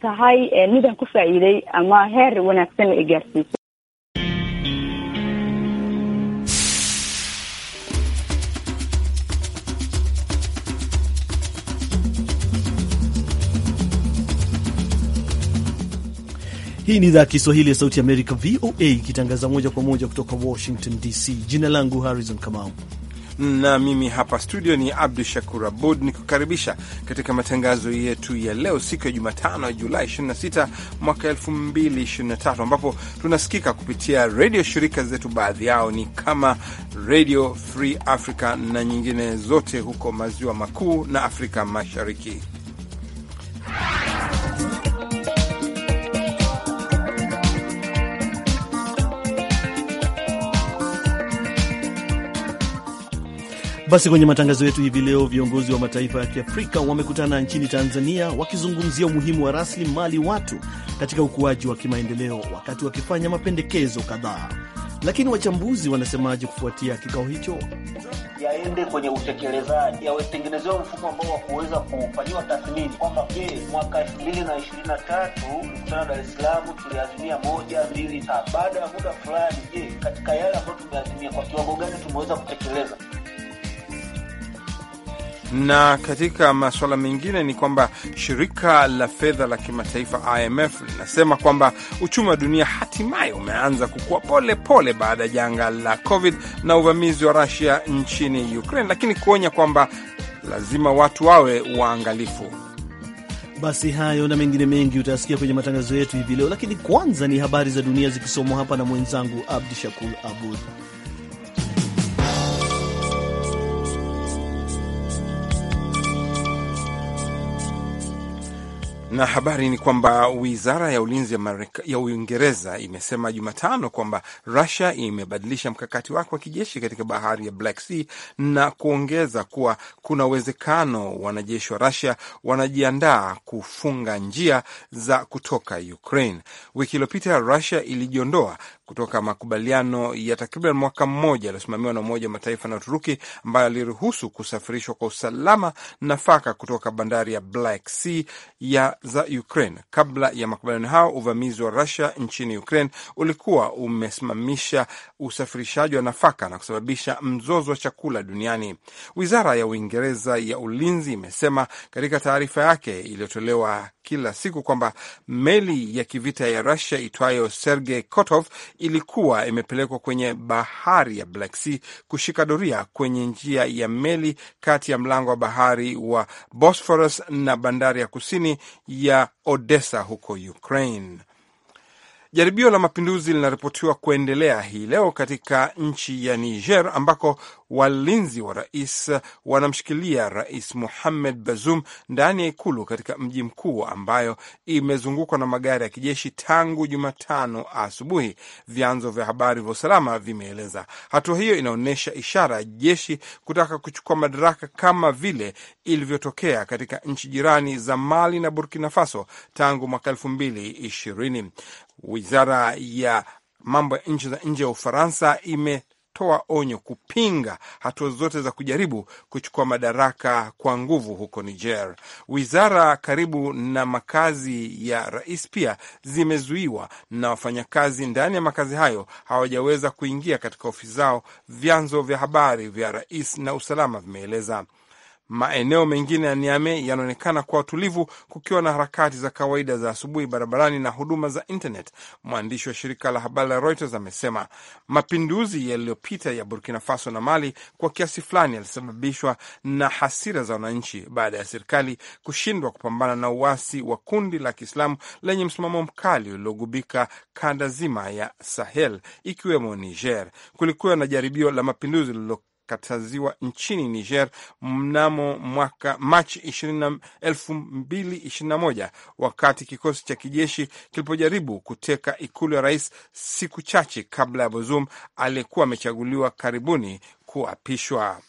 tahay eh, midan ku faa'iiday ama heer wanaagsan ay gaarsiiso Hii ni idhaa ya Kiswahili ya Sauti ya Amerika, VOA, ikitangaza moja kwa moja kutoka Washington DC. Jina langu Harrison Kamau na mimi hapa studio ni Abdu Shakur Abud nikukaribisha katika matangazo yetu ya leo, siku ya Jumatano Julai 26 mwaka 2023, ambapo tunasikika kupitia redio shirika zetu, baadhi yao ni kama Radio Free Africa na nyingine zote huko maziwa makuu na Afrika Mashariki. Basi kwenye matangazo yetu hivi leo, viongozi wa mataifa ya Kiafrika wamekutana nchini Tanzania wakizungumzia umuhimu wa rasilimali watu katika ukuaji wa kimaendeleo, wakati wakifanya mapendekezo kadhaa. Lakini wachambuzi wanasemaje kufuatia kikao hicho? yaende kwenye utekelezaji, yawetengenezewa mfumo ambao wa kuweza kufanyiwa tathmini kwamba, je, mwaka elfu mbili na ishirini na tatu mkutano Dar es Salaam tuliazimia moja mbili tatu. Baada ya muda fulani, je, katika yale ambayo tumeazimia kwa kiwango gani tumeweza kutekeleza? Na katika masuala mengine ni kwamba shirika la fedha la kimataifa IMF linasema kwamba uchumi wa dunia hatimaye umeanza kukua pole pole baada ya janga la COVID na uvamizi wa rasia nchini Ukraine, lakini kuonya kwamba lazima watu wawe waangalifu. Basi hayo na mengine mengi utayasikia kwenye matangazo yetu hivi leo, lakini kwanza ni habari za dunia zikisomwa hapa na mwenzangu Abdi Shakur Abud. Na habari ni kwamba wizara ya ulinzi ya, Marika, ya Uingereza imesema Jumatano kwamba Rusia imebadilisha mkakati wake wa kijeshi katika bahari ya Black Sea na kuongeza kuwa kuna uwezekano wanajeshi wa Rusia wanajiandaa kufunga njia za kutoka Ukraine. Wiki iliyopita Rusia ilijiondoa kutoka makubaliano ya takriban mwaka mmoja yaliyosimamiwa na Umoja wa Mataifa na Uturuki ambayo aliruhusu kusafirishwa kwa usalama nafaka kutoka bandari ya Black Sea ya za Ukraine. Kabla ya makubaliano hayo, uvamizi wa rasia nchini Ukraine ulikuwa umesimamisha usafirishaji wa nafaka na kusababisha mzozo wa chakula duniani. Wizara ya Uingereza ya ulinzi imesema katika taarifa yake iliyotolewa kila siku kwamba meli ya kivita ya Rusia itwayo Sergei Kotov ilikuwa imepelekwa kwenye bahari ya Black Sea kushika doria kwenye njia ya meli kati ya mlango wa bahari wa Bosphorus na bandari ya kusini ya Odessa huko Ukraine. Jaribio la mapinduzi linaripotiwa kuendelea hii leo katika nchi ya Niger ambako walinzi wa rais wanamshikilia rais Mohamed Bazoum ndani ya ikulu katika mji mkuu ambayo imezungukwa na magari ya kijeshi tangu Jumatano asubuhi, vyanzo vya habari vya usalama vimeeleza. Hatua hiyo inaonyesha ishara ya jeshi kutaka kuchukua madaraka kama vile ilivyotokea katika nchi jirani za Mali na Burkina Faso tangu mwaka elfu mbili ishirini. Wizara ya mambo ya nchi za nje ya Ufaransa imetoa onyo kupinga hatua zote za kujaribu kuchukua madaraka kwa nguvu huko Niger. Wizara karibu na makazi ya rais pia zimezuiwa na wafanyakazi ndani ya makazi hayo hawajaweza kuingia katika ofisi zao, vyanzo vya habari vya rais na usalama vimeeleza. Maeneo mengine ya Niame yanaonekana kwa utulivu kukiwa na harakati za kawaida za asubuhi barabarani na huduma za internet. Mwandishi wa shirika la habari la Reuters amesema mapinduzi yaliyopita ya Burkina Faso na Mali kwa kiasi fulani yalisababishwa na hasira za wananchi baada ya serikali kushindwa kupambana na uasi wa kundi la Kiislamu lenye msimamo mkali uliogubika kanda zima ya Sahel ikiwemo Niger. Kulikuwa na jaribio la mapinduzi lililo kataziwa nchini Niger mnamo mwaka Machi 2021 wakati kikosi cha kijeshi kilipojaribu kuteka ikulu ya rais siku chache kabla ya Bozum aliyekuwa amechaguliwa karibuni kuapishwa.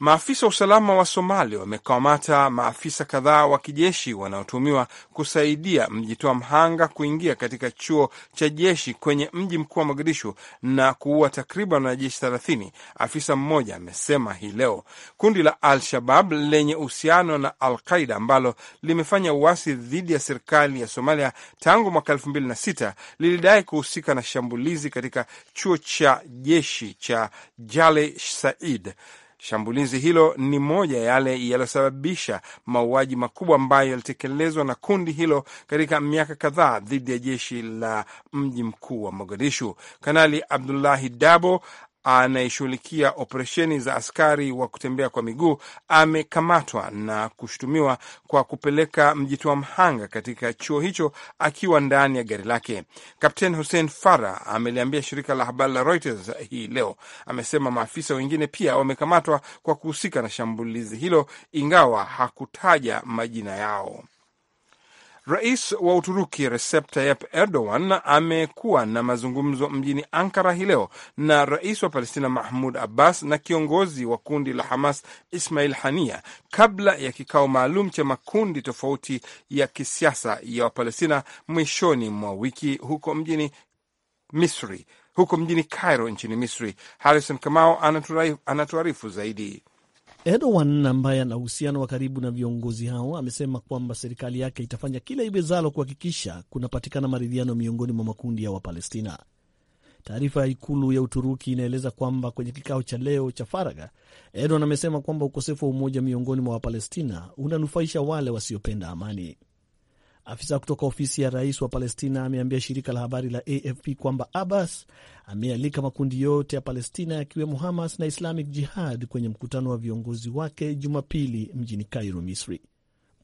Maafisa wa usalama wa Somalia wamekamata maafisa kadhaa wa kijeshi wanaotumiwa kusaidia mjitoa mhanga kuingia katika chuo cha jeshi kwenye mji mkuu wa Mogadishu na kuua takriban wanajeshi thelathini, afisa mmoja amesema hii leo. Kundi la Al-Shabab lenye uhusiano na Al Qaida ambalo limefanya uasi dhidi ya serikali ya Somalia tangu mwaka sita lilidai kuhusika na shambulizi katika chuo cha jeshi cha Jale Said Shambulizi hilo ni moja yale yaliyosababisha mauaji makubwa ambayo yalitekelezwa na kundi hilo katika miaka kadhaa dhidi ya jeshi la mji mkuu wa Mogadishu. Kanali Abdullahi Dabo anayeshughulikia operesheni za askari wa kutembea kwa miguu amekamatwa na kushutumiwa kwa kupeleka mjitoa mhanga katika chuo hicho akiwa ndani ya gari lake. kapten Hussein Farah ameliambia shirika la habari la Reuters hii leo. Amesema maafisa wengine pia wamekamatwa kwa kuhusika na shambulizi hilo, ingawa hakutaja majina yao. Rais wa Uturuki Recep Tayyip Erdogan amekuwa na mazungumzo mjini Ankara hii leo na rais wa Palestina Mahmud Abbas na kiongozi wa kundi la Hamas Ismail Hania kabla ya kikao maalum cha makundi tofauti ya kisiasa ya Wapalestina mwishoni mwa wiki huko mjini Misri, huko mjini Cairo nchini Misri. Harrison Kamao anatuarifu zaidi. Erdogan ambaye ana uhusiano wa karibu na viongozi hao amesema kwamba serikali yake itafanya kila iwezalo kuhakikisha kunapatikana maridhiano miongoni mwa makundi ya Wapalestina. Taarifa ya ikulu ya Uturuki inaeleza kwamba kwenye kikao cha leo cha faraga Erdogan amesema kwamba ukosefu wa umoja miongoni mwa Wapalestina unanufaisha wale wasiopenda amani. Afisa kutoka ofisi ya rais wa Palestina ameambia shirika la habari la AFP kwamba Abbas amealika makundi yote ya Palestina yakiwemo Hamas na Islamic Jihad kwenye mkutano wa viongozi wake Jumapili mjini Cairo, Misri.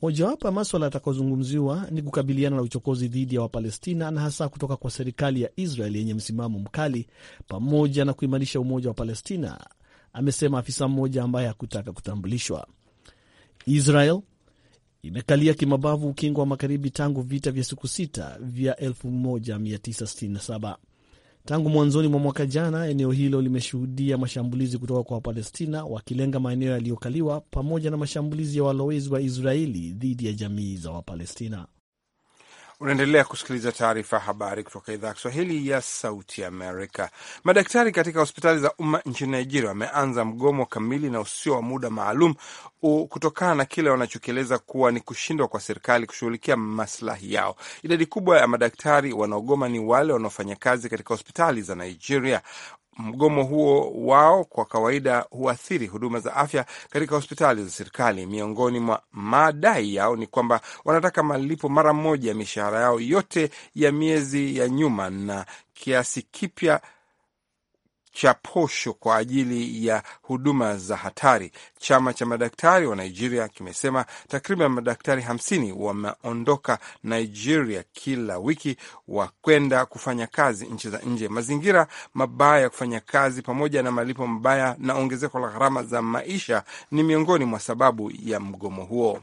Mojawapo ya maswala yatakayozungumziwa ni kukabiliana na uchokozi dhidi ya Wapalestina na hasa kutoka kwa serikali ya Israel yenye msimamo mkali pamoja na kuimarisha umoja wa Palestina, amesema afisa mmoja ambaye hakutaka kutambulishwa. Israel imekalia kimabavu ukingo wa magharibi tangu vita vya siku sita vya 1967. Tangu mwanzoni mwa mwaka jana, eneo hilo limeshuhudia mashambulizi kutoka kwa Wapalestina wakilenga maeneo yaliyokaliwa pamoja na mashambulizi ya walowezi wa Israeli dhidi ya jamii za Wapalestina. Unaendelea kusikiliza taarifa ya habari kutoka idhaa ya Kiswahili ya Sauti Amerika. Madaktari katika hospitali za umma nchini Nigeria wameanza mgomo kamili na usio wa muda maalum kutokana na kile wanachokieleza kuwa ni kushindwa kwa serikali kushughulikia maslahi yao. Idadi kubwa ya madaktari wanaogoma ni wale wanaofanya kazi katika hospitali za Nigeria mgomo huo wao kwa kawaida huathiri huduma za afya katika hospitali za serikali. Miongoni mwa madai yao ni kwamba wanataka malipo mara moja ya mishahara yao yote ya miezi ya nyuma na kiasi kipya cha posho kwa ajili ya huduma za hatari. Chama cha madaktari wa Nigeria kimesema takriban madaktari hamsini wameondoka Nigeria kila wiki wakwenda kufanya kazi nchi za nje. Mazingira mabaya ya kufanya kazi pamoja na malipo mabaya na ongezeko la gharama za maisha ni miongoni mwa sababu ya mgomo huo.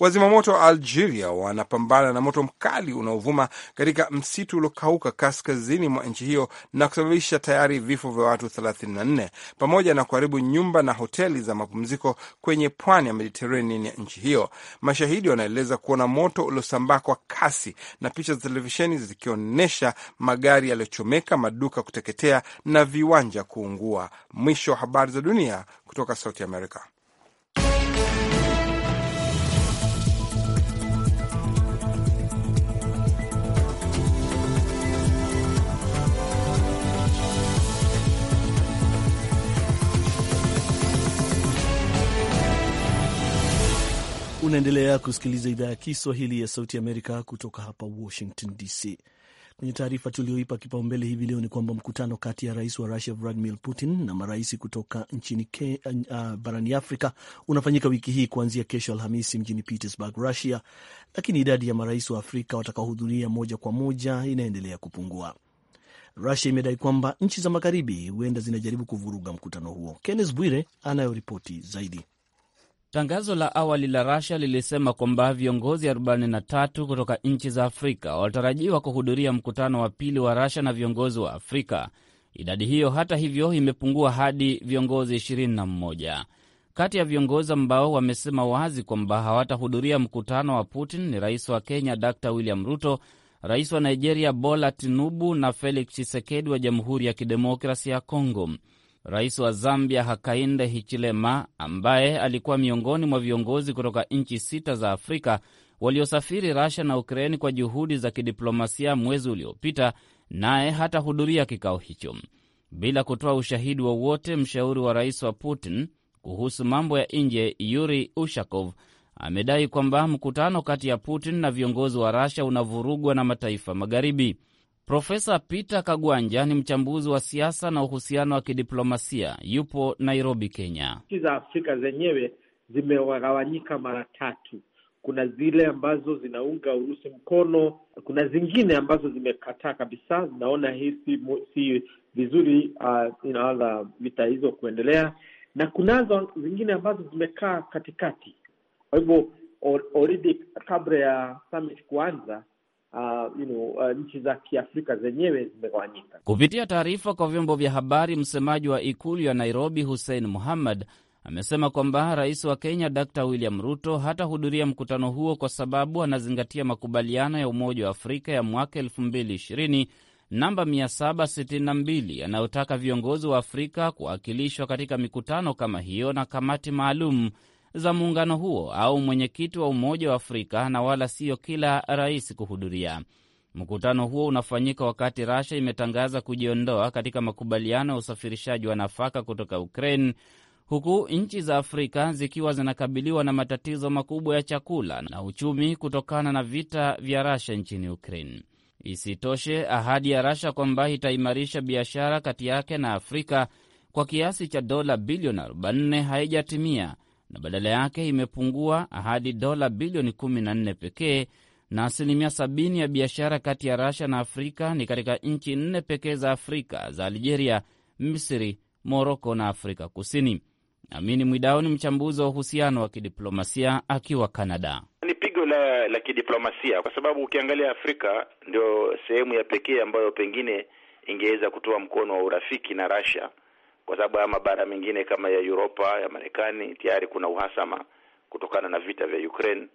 Wazimamoto wa Algeria wanapambana na moto mkali unaovuma katika msitu uliokauka kaskazini mwa nchi hiyo na kusababisha tayari vifo vya watu 34 pamoja na kuharibu nyumba na hoteli za mapumziko kwenye pwani ya Mediterranean ya nchi hiyo. Mashahidi wanaeleza kuona moto uliosambaa kwa kasi na picha za televisheni zikionyesha magari yaliyochomeka, maduka kuteketea na viwanja kuungua. Mwisho wa habari za dunia kutoka Sauti Amerika. Unaendelea kusikiliza idhaa ya Kiswahili ya Sauti Amerika kutoka hapa Washington DC. Kwenye taarifa tulioipa kipaumbele hivi leo ni kwamba mkutano kati ya rais wa Rusia Vladimir Putin na marais kutoka nchini ke, uh, barani Afrika unafanyika wiki hii kuanzia kesho Alhamisi mjini Petersburg, Russia, lakini idadi ya marais wa Afrika watakaohudhuria moja kwa moja inaendelea kupungua. Rusia imedai kwamba nchi za magharibi huenda zinajaribu kuvuruga mkutano huo. Kennes Bwire anayoripoti zaidi. Tangazo la awali la Rasia lilisema kwamba viongozi 43 kutoka nchi za Afrika walitarajiwa kuhudhuria mkutano wa pili wa rasha na viongozi wa Afrika. Idadi hiyo hata hivyo imepungua hadi viongozi 21. Kati ya viongozi ambao wamesema wazi kwamba hawatahudhuria mkutano wa Putin ni rais wa Kenya Dr William Ruto, rais wa Nigeria Bola Tinubu na Felix chisekedi wa Jamhuri ya Kidemokrasi ya Kongo. Rais wa Zambia Hakainde Hichilema, ambaye alikuwa miongoni mwa viongozi kutoka nchi sita za Afrika waliosafiri Rasha na Ukraini kwa juhudi za kidiplomasia mwezi uliopita, naye hatahudhuria kikao hicho. Bila kutoa ushahidi wowote, mshauri wa rais wa Putin kuhusu mambo ya nje Yuri Ushakov amedai kwamba mkutano kati ya Putin na viongozi wa Rasha unavurugwa na mataifa magharibi. Profesa Peter Kagwanja ni mchambuzi wa siasa na uhusiano wa kidiplomasia, yupo Nairobi, Kenya. Nchi za Afrika zenyewe zimewagawanyika mara tatu. Kuna zile ambazo zinaunga Urusi mkono, kuna zingine ambazo zimekataa kabisa, zinaona hii si vizuri, uh, inaanza vita hizo kuendelea, na kunazo zingine ambazo zimekaa katikati. Kwa hivyo already kabla ya summit kuanza uh, you know, uh, nchi za Kiafrika zenyewe zimegawanyika. Kupitia taarifa kwa vyombo vya habari, msemaji wa ikulu ya Nairobi Hussein Muhammad amesema kwamba rais wa Kenya Dr William Ruto hatahudhuria mkutano huo kwa sababu anazingatia makubaliano ya Umoja wa Afrika ya mwaka 2020 namba 762 yanayotaka viongozi wa Afrika kuwakilishwa katika mikutano kama hiyo na kamati maalum za muungano huo au mwenyekiti wa Umoja wa Afrika na wala siyo kila rais kuhudhuria. Mkutano huo unafanyika wakati Rasha imetangaza kujiondoa katika makubaliano ya usafirishaji wa nafaka kutoka Ukraine, huku nchi za Afrika zikiwa zinakabiliwa na matatizo makubwa ya chakula na uchumi kutokana na vita vya Rasha nchini Ukraine. Isitoshe, ahadi ya Rasha kwamba itaimarisha biashara kati yake na Afrika kwa kiasi cha dola bilioni 40 haijatimia na badala yake imepungua hadi dola bilioni 14 pekee, na asilimia 70 ya biashara kati ya rasha na Afrika ni katika nchi nne pekee za Afrika za Algeria, Misri, Moroko na Afrika Kusini. Amini mwidao ni mchambuzi wa uhusiano wa kidiplomasia akiwa Canada. Ni pigo la, la kidiplomasia kwa sababu ukiangalia Afrika ndio sehemu ya pekee ambayo pengine ingeweza kutoa mkono wa urafiki na Russia kwa sababu haya mabara mengine kama ya Europa ya Marekani tayari kuna uhasama kutokana na vita vya Ukraine.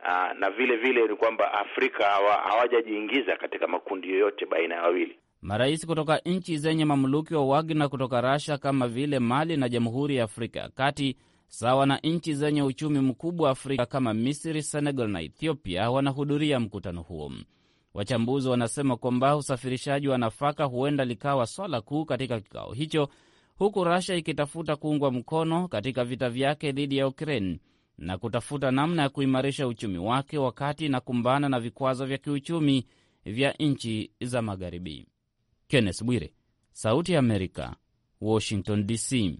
Aa, ah, na vile vile ni kwamba Afrika hawajajiingiza hawa katika makundi yoyote baina ya wawili. Marais kutoka nchi zenye mamluki wa Wagner kutoka Russia kama vile Mali na Jamhuri ya Afrika ya Kati, sawa na nchi zenye uchumi mkubwa Afrika kama Misri, Senegal na Ethiopia wanahudhuria mkutano huo. Wachambuzi wanasema kwamba usafirishaji wa nafaka huenda likawa swala kuu katika kikao hicho huku rasia ikitafuta kuungwa mkono katika vita vyake dhidi ya Ukraine na kutafuta namna ya kuimarisha uchumi wake wakati inakumbana na vikwazo vya kiuchumi vya nchi za Magharibi. Kenneth Bwire, Sauti ya Amerika, Washington DC.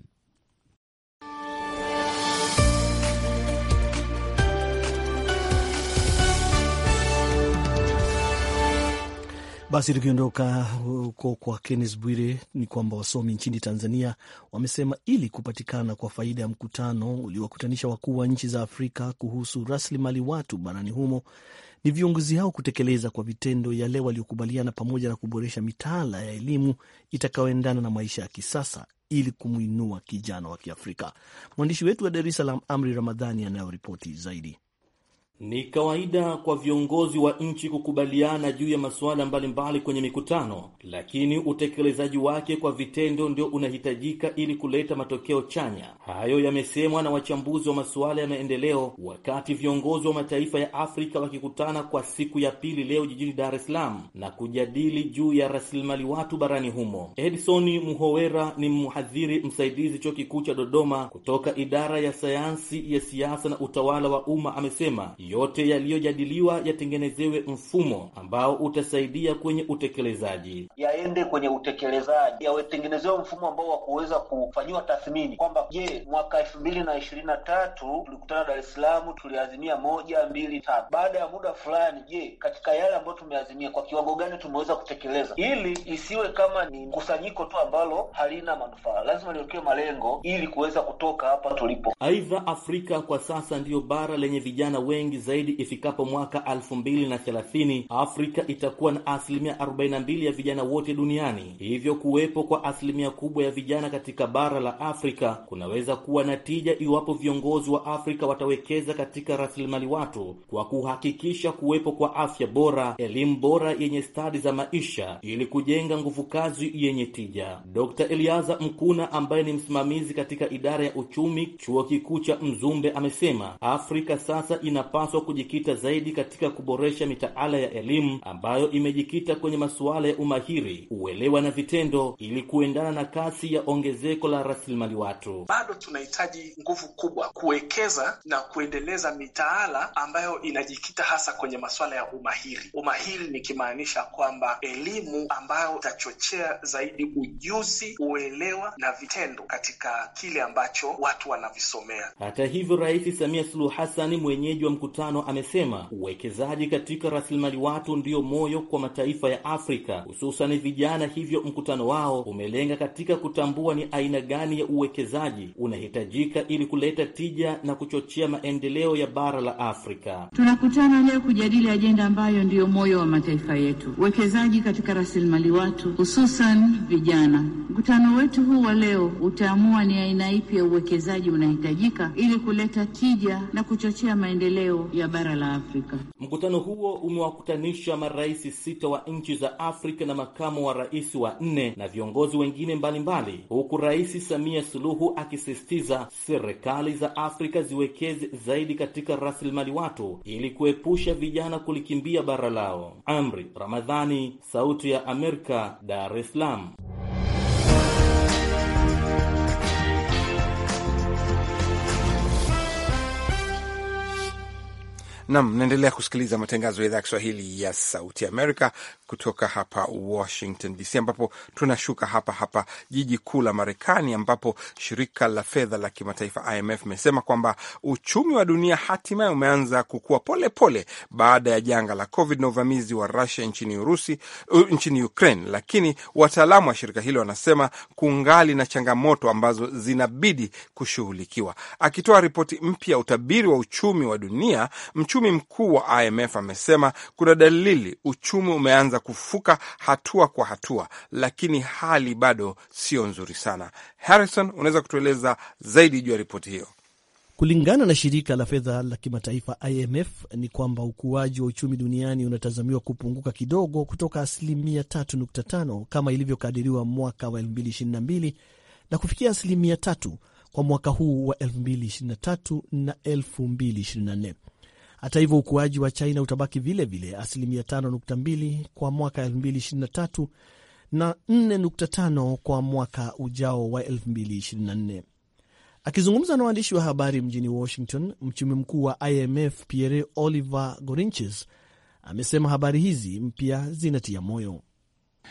Basi tukiondoka huko kwa Kennes Bwire, ni kwamba wasomi nchini Tanzania wamesema ili kupatikana kwa faida ya mkutano uliowakutanisha wakuu wa nchi za Afrika kuhusu rasilimali watu barani humo, ni viongozi hao kutekeleza kwa vitendo yale waliokubaliana, pamoja na kuboresha mitaala ya elimu itakayoendana na maisha ya kisasa ili kumwinua kijana wa Kiafrika. Mwandishi wetu wa Dar es Salaam, Amri Ramadhani, anayoripoti zaidi. Ni kawaida kwa viongozi wa nchi kukubaliana juu ya masuala mbalimbali kwenye mikutano, lakini utekelezaji wake kwa vitendo ndio unahitajika ili kuleta matokeo chanya. Hayo yamesemwa na wachambuzi wa masuala ya maendeleo wakati viongozi wa mataifa ya Afrika wakikutana kwa siku ya pili leo jijini Dar es Salaam na kujadili juu ya rasilimali watu barani humo. Edison Muhowera ni mhadhiri msaidizi chuo kikuu cha Dodoma kutoka idara ya sayansi ya siasa na utawala wa umma amesema yote yaliyojadiliwa yatengenezewe mfumo ambao utasaidia kwenye utekelezaji, yaende kwenye utekelezaji, yawetengenezewe mfumo ambao wa kuweza kufanyiwa tathmini kwamba je, mwaka elfu mbili na ishirini na tatu tulikutana Dar es Salaam, tuliazimia moja mbili tatu. Baada ya muda fulani, je, katika yale ambayo tumeazimia kwa kiwango gani tumeweza kutekeleza, ili isiwe kama ni mkusanyiko tu ambalo halina manufaa. Lazima liwekewe malengo ili kuweza kutoka hapa tulipo. Aidha, Afrika kwa sasa ndiyo bara lenye vijana wengi mingi zaidi ifikapo mwaka 2030 Afrika itakuwa na asilimia 42 ya vijana wote duniani. Hivyo kuwepo kwa asilimia kubwa ya vijana katika bara la Afrika kunaweza kuwa na tija iwapo viongozi wa Afrika watawekeza katika rasilimali watu kwa kuhakikisha kuwepo kwa afya bora, elimu bora yenye stadi za maisha ili kujenga nguvu kazi yenye tija. Dr. Eliaza Mkuna ambaye ni msimamizi katika idara ya uchumi chuo kikuu cha Mzumbe amesema Afrika sasa inapaswa inapaswa kujikita zaidi katika kuboresha mitaala ya elimu ambayo imejikita kwenye masuala ya umahiri, uelewa na vitendo, ili kuendana na kasi ya ongezeko la rasilimali watu. Bado tunahitaji nguvu kubwa kuwekeza na kuendeleza mitaala ambayo inajikita hasa kwenye masuala ya umahiri. Umahiri nikimaanisha kwamba elimu ambayo itachochea zaidi ujuzi, uelewa na vitendo katika kile ambacho watu wanavisomea. Hata hivyo, Rais Samia Suluhu Hassan mwenyeji wa mkutano mkutano amesema uwekezaji katika rasilimali watu ndiyo moyo kwa mataifa ya Afrika, hususan vijana. Hivyo mkutano wao umelenga katika kutambua ni aina gani ya uwekezaji unahitajika ili kuleta tija na kuchochea maendeleo ya bara la Afrika. Tunakutana leo kujadili ajenda ambayo ndiyo moyo wa mataifa yetu, uwekezaji katika rasilimali watu, hususan vijana. Mkutano wetu huu wa leo utaamua ni aina ipi ya uwekezaji unahitajika ili kuleta tija na kuchochea maendeleo ya bara la Afrika. Mkutano huo umewakutanisha marais sita wa nchi za Afrika na makamu wa rais wa nne na viongozi wengine mbalimbali, huku Rais Samia Suluhu akisisitiza serikali za Afrika ziwekeze zaidi katika rasilimali watu ili kuepusha vijana kulikimbia bara lao. Amri Ramadhani, Sauti ya Amerika, Dar es Salaam. Nam, naendelea kusikiliza matangazo ya idhaa ya Kiswahili ya Sauti Amerika kutoka hapa Washington DC, ambapo tunashuka hapa hapa jiji kuu la Marekani, ambapo shirika la fedha la kimataifa IMF imesema kwamba uchumi wa dunia hatimaye umeanza kukua polepole pole baada ya janga la COVID na uvamizi wa Rusia nchini Urusi, uh, nchini Ukraine, lakini wataalamu wa shirika hilo wanasema kungali na changamoto ambazo zinabidi kushughulikiwa. Akitoa ripoti mpya utabiri wa uchumi wa dunia Mchumi mkuu wa IMF amesema kuna dalili uchumi umeanza kufuka hatua kwa hatua, lakini hali bado sio nzuri sana. Harrison, unaweza kutueleza zaidi juu ya ripoti hiyo? Kulingana na shirika la fedha la kimataifa IMF ni kwamba ukuaji wa uchumi duniani unatazamiwa kupunguka kidogo kutoka asilimia 3.5 kama ilivyokadiriwa mwaka wa 2022 na kufikia asilimia 3 kwa mwaka huu wa 2023 na 2024. Hata hivyo, ukuaji wa China utabaki vilevile asilimia 5.2 kwa mwaka 2023 na 4.5 kwa mwaka ujao wa 2024. Akizungumza na waandishi wa habari mjini Washington, mchumi mkuu wa IMF Pierre Oliver Gorinches amesema habari hizi mpya zinatia moyo.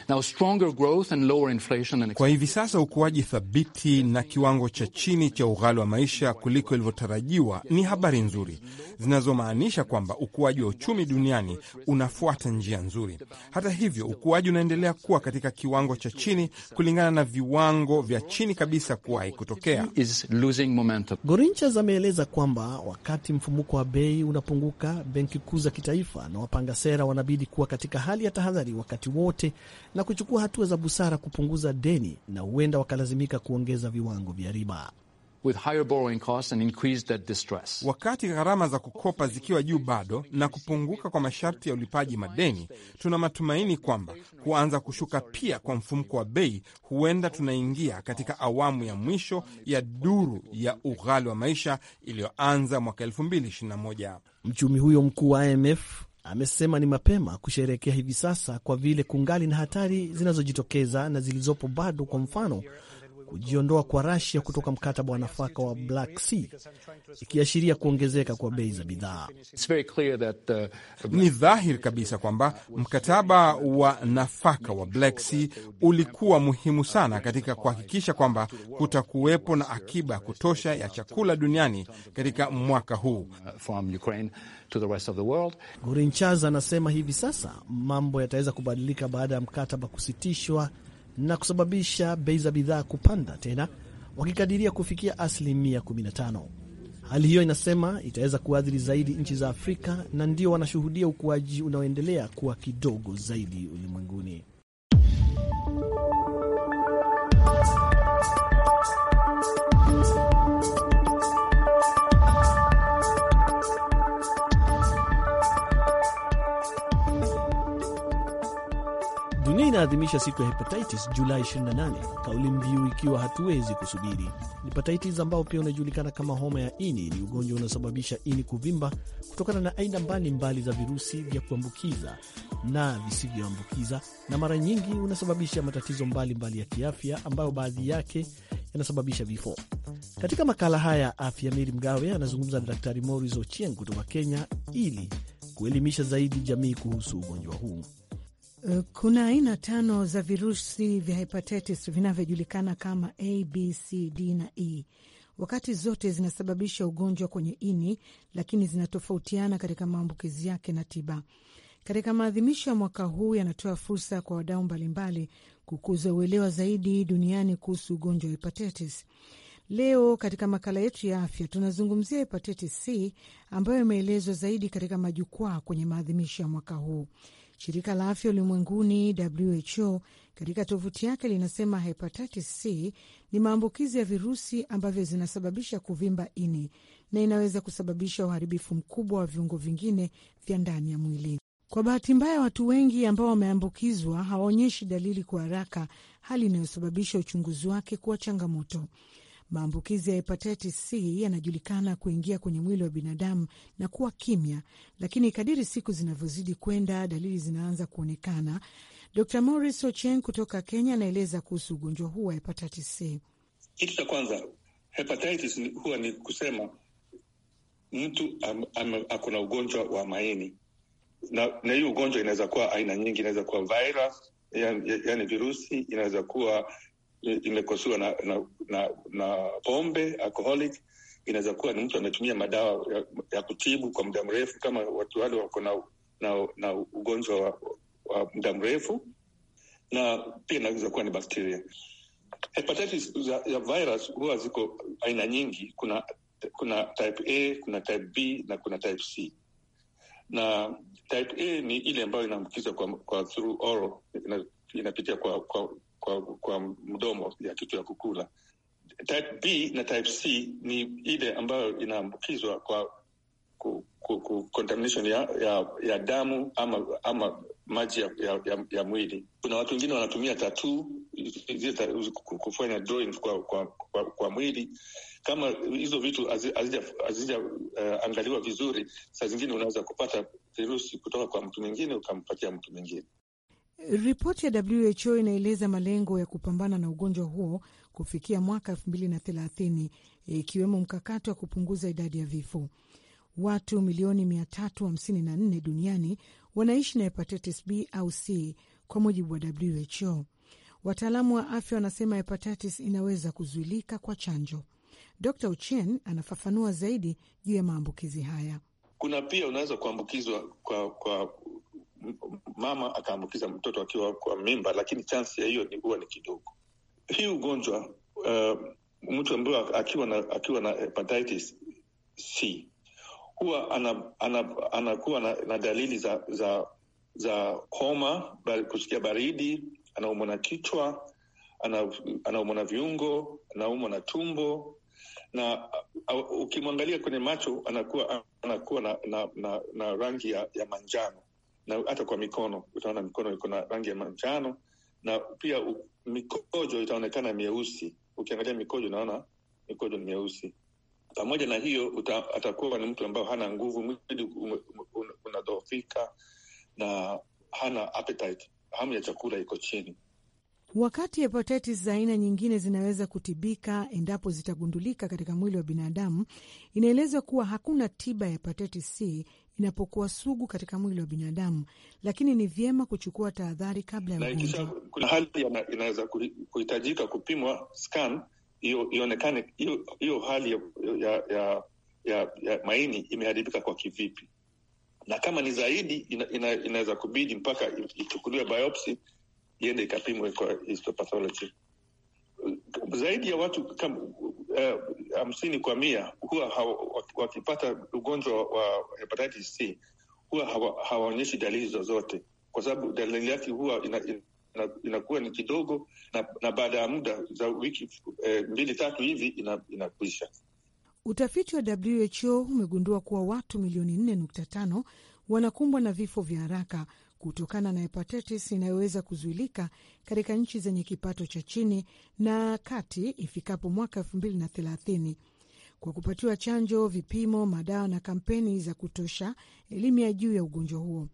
Now, stronger growth and lower inflation Kwa hivi sasa ukuaji thabiti na kiwango cha chini cha ughali wa maisha kuliko ilivyotarajiwa ni habari nzuri zinazomaanisha kwamba ukuaji wa uchumi duniani unafuata njia nzuri. Hata hivyo, ukuaji unaendelea kuwa katika kiwango cha chini kulingana na viwango vya chini kabisa kuwahi kutokea. Gorinchas ameeleza kwamba wakati mfumuko wa bei unapunguka, benki kuu za kitaifa na wapanga sera wanabidi kuwa katika hali ya tahadhari wakati wote na kuchukua hatua za busara kupunguza deni na huenda wakalazimika kuongeza viwango vya riba. With higher borrowing costs and increased debt distress. Wakati gharama za kukopa zikiwa juu bado na kupunguka kwa masharti ya ulipaji madeni, tuna matumaini kwamba kuanza kushuka pia kwa mfumko wa bei, huenda tunaingia katika awamu ya mwisho ya duru ya ughali wa maisha iliyoanza mwaka 2021. Mchumi huyo mkuu wa IMF amesema ni mapema kusherehekea hivi sasa kwa vile kungali na hatari zinazojitokeza na zilizopo bado. Kwa mfano, kujiondoa kwa Rasia kutoka mkataba wa nafaka wa Black Sea, ikiashiria kuongezeka kwa bei za bidhaa. Uh, Ni dhahiri kabisa kwamba mkataba wa nafaka wa Black Sea ulikuwa muhimu sana katika kuhakikisha kwamba kutakuwepo na akiba ya kutosha ya chakula duniani katika mwaka huu. gorinchaz anasema hivi sasa mambo yataweza kubadilika baada ya mkataba kusitishwa na kusababisha bei za bidhaa kupanda tena, wakikadiria kufikia asilimia 15. Hali hiyo inasema itaweza kuathiri zaidi nchi za Afrika na ndio wanashuhudia ukuaji unaoendelea kuwa kidogo zaidi ulimwenguni. Dunia inaadhimisha siku ya hepatitis Julai 28, kauli mbiu ikiwa hatuwezi kusubiri. Hepatitis ambao pia unajulikana kama homa ya ini ni ugonjwa unaosababisha ini kuvimba kutokana na aina mbalimbali za virusi vya kuambukiza na visivyoambukiza, na mara nyingi unasababisha matatizo mbalimbali mbali ya kiafya ambayo baadhi yake yanasababisha vifo. Katika makala haya ya afya, Miri Mgawe anazungumza na Daktari Moris Ochieng kutoka Kenya ili kuelimisha zaidi jamii kuhusu ugonjwa huu. Eh, kuna aina tano za virusi vya hepatitis vinavyojulikana kama A, B, C, D na E. Wakati zote zinasababisha ugonjwa kwenye ini, lakini zinatofautiana katika maambukizi yake na tiba. Katika maadhimisho ya mwaka huu yanatoa fursa kwa wadau mbalimbali kukuza uelewa zaidi duniani kuhusu ugonjwa wa hepatitis. Leo katika makala yetu ya afya tunazungumzia hepatitis C ambayo imeelezwa zaidi katika majukwaa kwenye maadhimisho ya mwaka huu. Shirika la afya ulimwenguni WHO katika tovuti yake linasema hepatitis C ni maambukizi ya virusi ambavyo zinasababisha kuvimba ini na inaweza kusababisha uharibifu mkubwa wa viungo vingine vya ndani ya mwili. Kwa bahati mbaya, watu wengi ambao wameambukizwa hawaonyeshi dalili kwa haraka, hali inayosababisha uchunguzi wake kuwa changamoto. Maambukizi ya hepatitis C yanajulikana kuingia kwenye mwili wa binadamu na kuwa kimya, lakini kadiri siku zinavyozidi kwenda, dalili zinaanza kuonekana. Dr moris Ochieng kutoka Kenya anaeleza kuhusu ugonjwa huu wa hepatitis C. Kitu cha kwanza, hepatitis huwa ni kusema mtu ako na ugonjwa wa maini, na na hiyo ugonjwa inaweza kuwa aina nyingi, inaweza kuwa virus, yani, yani virusi, inaweza kuwa imekosiwa na, na, na, na pombe alcoholic. Inaweza kuwa ni mtu anatumia madawa ya, ya kutibu kwa muda mrefu, kama watu wale wako na, na, na ugonjwa wa, wa muda mrefu, na pia inaweza kuwa ni bakteria. Hepatitis za, ya virus huwa ziko aina nyingi. Kuna kuna type A, kuna type B na kuna type C na type A ni ile ambayo inaambukizwa kwa, kwa through oral, inapitia kwa, kwa kwa, kwa mdomo ya kitu ya kukula. Type B na type C ni ile ambayo inaambukizwa kwa ku, ku, ku contamination ya, ya, ya damu ama ama maji ya, ya, ya mwili. Kuna watu wengine wanatumia tatuu kufanya drawing kwa, kwa, kwa, kwa mwili. Kama hizo vitu hazijaangaliwa eh, uh, vizuri, saa zingine unaweza kupata virusi kutoka kwa mtu mwingine ukampatia mtu mwingine. Ripoti ya WHO inaeleza malengo ya kupambana na ugonjwa huo kufikia mwaka 2030 ikiwemo mkakati wa kupunguza idadi ya vifo. Watu milioni 354 duniani wanaishi na hepatitis B au C kwa mujibu wa WHO. Wataalamu wa afya wanasema hepatitis inaweza kuzuilika kwa chanjo. Dr uchen anafafanua zaidi juu ya maambukizi haya. Kuna pia unaweza kuambukizwa kwa, kwa mama akaambukiza mtoto akiwa kwa mimba, lakini chansi ya hiyo ni huwa ni kidogo. Hii ugonjwa uh, mtu ambaye akiwa na akiwa na hepatitis C huwa anakuwa ana, ana na, na dalili za za za homa, kusikia baridi, anaumwa na kichwa, anaumwa na viungo, anaumwa na tumbo na uh, ukimwangalia kwenye macho anakuwa anakuwa na, na, na, na rangi ya, ya manjano na hata kwa mikono utaona mikono iko na rangi ya manjano, na pia u, mikojo itaonekana mieusi. Ukiangalia mikojo unaona mikojo ni mieusi. Pamoja na hiyo uta, atakuwa ni mtu ambayo hana nguvu, mwili unadhoofika na hana appetite, hamu ya chakula iko chini. Wakati hepatitis za aina nyingine zinaweza kutibika endapo zitagundulika katika mwili wa binadamu, inaelezwa kuwa hakuna tiba ya hepatitis C inapokuwa sugu katika mwili wa binadamu, lakini ni vyema kuchukua tahadhari kabla ya Kuna hali inaweza kuhitajika kupimwa scan hiyo ionekane hiyo hali ya, ya, ya, ya maini imeharibika kwa kivipi, na kama ni zaidi inaweza ina, kubidi mpaka ichukuliwe biopsi iende ikapimwe kwa histopathology. Zaidi ya watu Eh, hamsini uh, kwa mia huwa wakipata ugonjwa wa hepatitis C huwa hawaonyeshi dalili zozote, kwa sababu dalili yake huwa inakuwa ina, inakuwa ni kidogo na, na baada ya muda za wiki eh, mbili tatu hivi inakwisha. Ina utafiti wa WHO umegundua kuwa watu milioni 4.5 wanakumbwa na vifo vya haraka kutokana na hepatitis inayoweza kuzuilika katika nchi zenye kipato cha chini na kati ifikapo mwaka na thelathini kwa kupatiwa chanjo, vipimo, madawa na kampeni za kutosha elimu ya juu ya ugonjwa huo.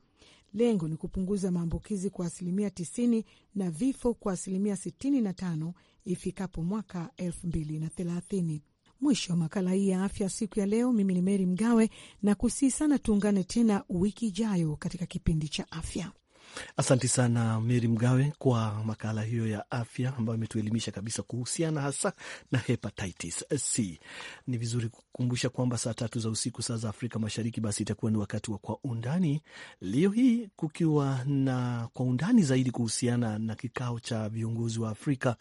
Lengo ni kupunguza maambukizi kwa asilimia 90 na vifo kwa asilimia 65 ifikapo mwaka na thelathini Mwisho wa makala hii ya afya siku ya leo. Mimi ni Meri Mgawe na kusihi sana tuungane tena wiki ijayo katika kipindi cha afya. Asanti sana Meri Mgawe kwa makala hiyo ya afya ambayo imetuelimisha kabisa kuhusiana hasa na hepatitis C. Ni vizuri kukumbusha kwamba saa tatu za usiku saa za Afrika Mashariki, basi itakuwa ni wakati wa Kwa Undani leo hii, kukiwa na kwa undani zaidi kuhusiana na kikao cha viongozi wa Afrika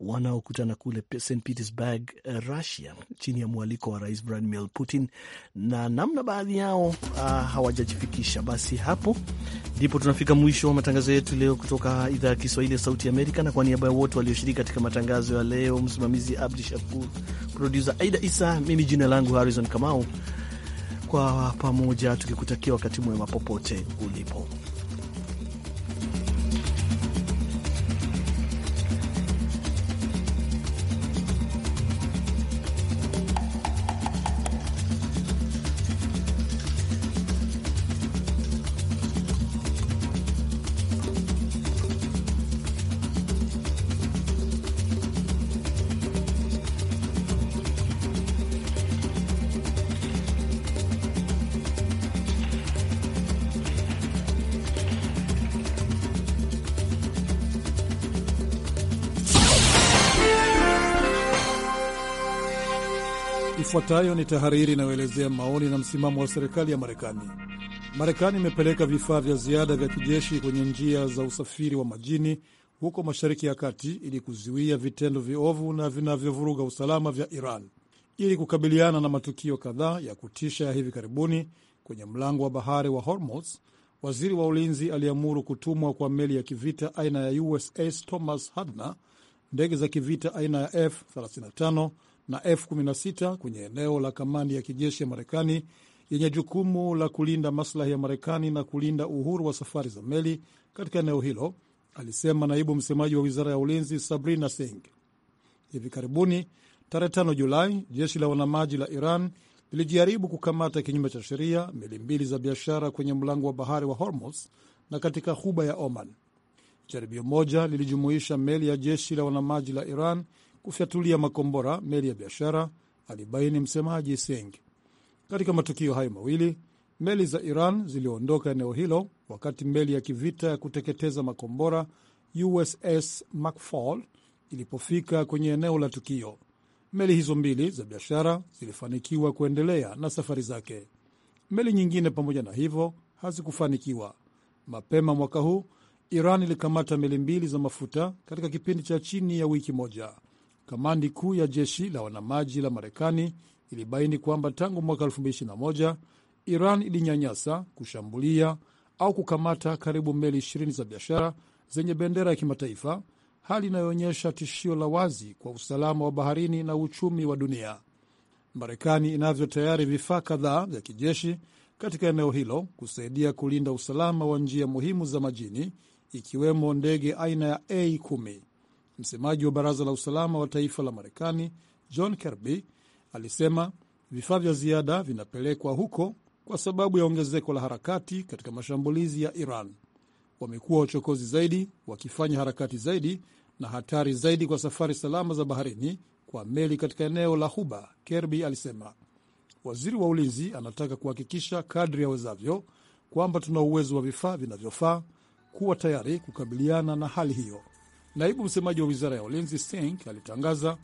wanaokutana kule St Petersburg, Russia, chini ya mwaliko wa Rais Vladimir Putin na namna baadhi yao uh, hawajajifikisha. Basi hapo ndipo tunafika mwisho mwisho wa matangazo yetu leo kutoka idhaa ya Kiswahili ya Sauti Amerika, na kwa niaba ya wote walioshiriki katika matangazo ya leo, msimamizi Abdi Shakur, produsa Aida Isa, mimi jina langu Harrison Kamau, kwa pamoja tukikutakia wakati mwema popote ulipo. Ifuatayo ni tahariri inayoelezea maoni na msimamo wa serikali ya Marekani. Marekani imepeleka vifaa vya ziada vya kijeshi kwenye njia za usafiri wa majini huko Mashariki ya Kati ili kuzuia vitendo viovu na vinavyovuruga usalama vya Iran. Ili kukabiliana na matukio kadhaa ya kutisha ya hivi karibuni kwenye mlango wa bahari wa Hormuz, waziri wa ulinzi aliamuru kutumwa kwa meli ya kivita aina ya USS Thomas Hadna, ndege za kivita aina ya F35 na F16 kwenye eneo la kamandi ya kijeshi ya Marekani yenye jukumu la kulinda maslahi ya Marekani na kulinda uhuru wa safari za meli katika eneo hilo, alisema naibu msemaji wa wizara ya ulinzi Sabrina Singh. Hivi karibuni tarehe 5 Julai, jeshi la wanamaji la Iran lilijaribu kukamata kinyume cha sheria meli mbili za biashara kwenye mlango wa bahari wa Hormuz na katika huba ya Oman. Jaribio moja lilijumuisha meli ya jeshi la wanamaji la Iran kufyatulia makombora meli ya biashara, alibaini msemaji Singh. Katika matukio hayo mawili, meli za Iran ziliondoka eneo hilo wakati meli ya kivita ya kuteketeza makombora USS McFall ilipofika kwenye eneo la tukio. Meli hizo mbili za biashara zilifanikiwa kuendelea na safari zake. Meli nyingine, pamoja na hivyo, hazikufanikiwa. Mapema mwaka huu Iran ilikamata meli mbili za mafuta katika kipindi cha chini ya wiki moja. Kamandi kuu ya jeshi la wanamaji la Marekani ilibaini kwamba tangu mwaka 2021 Iran ilinyanyasa, kushambulia au kukamata karibu meli 20 za biashara zenye bendera ya kimataifa, hali inayoonyesha tishio la wazi kwa usalama wa baharini na uchumi wa dunia. Marekani inavyo tayari vifaa kadhaa vya kijeshi katika eneo hilo kusaidia kulinda usalama wa njia muhimu za majini, ikiwemo ndege aina ya A10. Msemaji wa baraza la usalama wa taifa la Marekani John Kirby alisema vifaa vya ziada vinapelekwa huko kwa sababu ya ongezeko la harakati katika mashambulizi ya Iran. Wamekuwa wachokozi zaidi, wakifanya harakati zaidi na hatari zaidi kwa safari salama za baharini kwa meli katika eneo la huba Kirby alisema. Waziri wa ulinzi anataka kuhakikisha kadri awezavyo kwamba tuna uwezo wa vifaa vinavyofaa kuwa tayari kukabiliana na hali hiyo. Naibu msemaji wa wizara ya ulinzi sink alitangaza,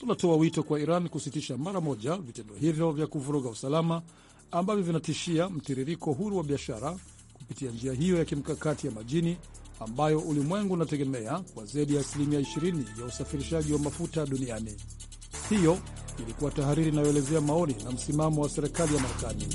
tunatoa wito kwa Iran kusitisha mara moja vitendo hivyo vya kuvuruga usalama ambavyo vinatishia mtiririko huru wa biashara kupitia njia hiyo ya kimkakati ya majini ambayo ulimwengu unategemea kwa zaidi ya asilimia 20 ya usafirishaji wa mafuta duniani. Hiyo ilikuwa tahariri inayoelezea maoni na msimamo wa serikali ya Marekani.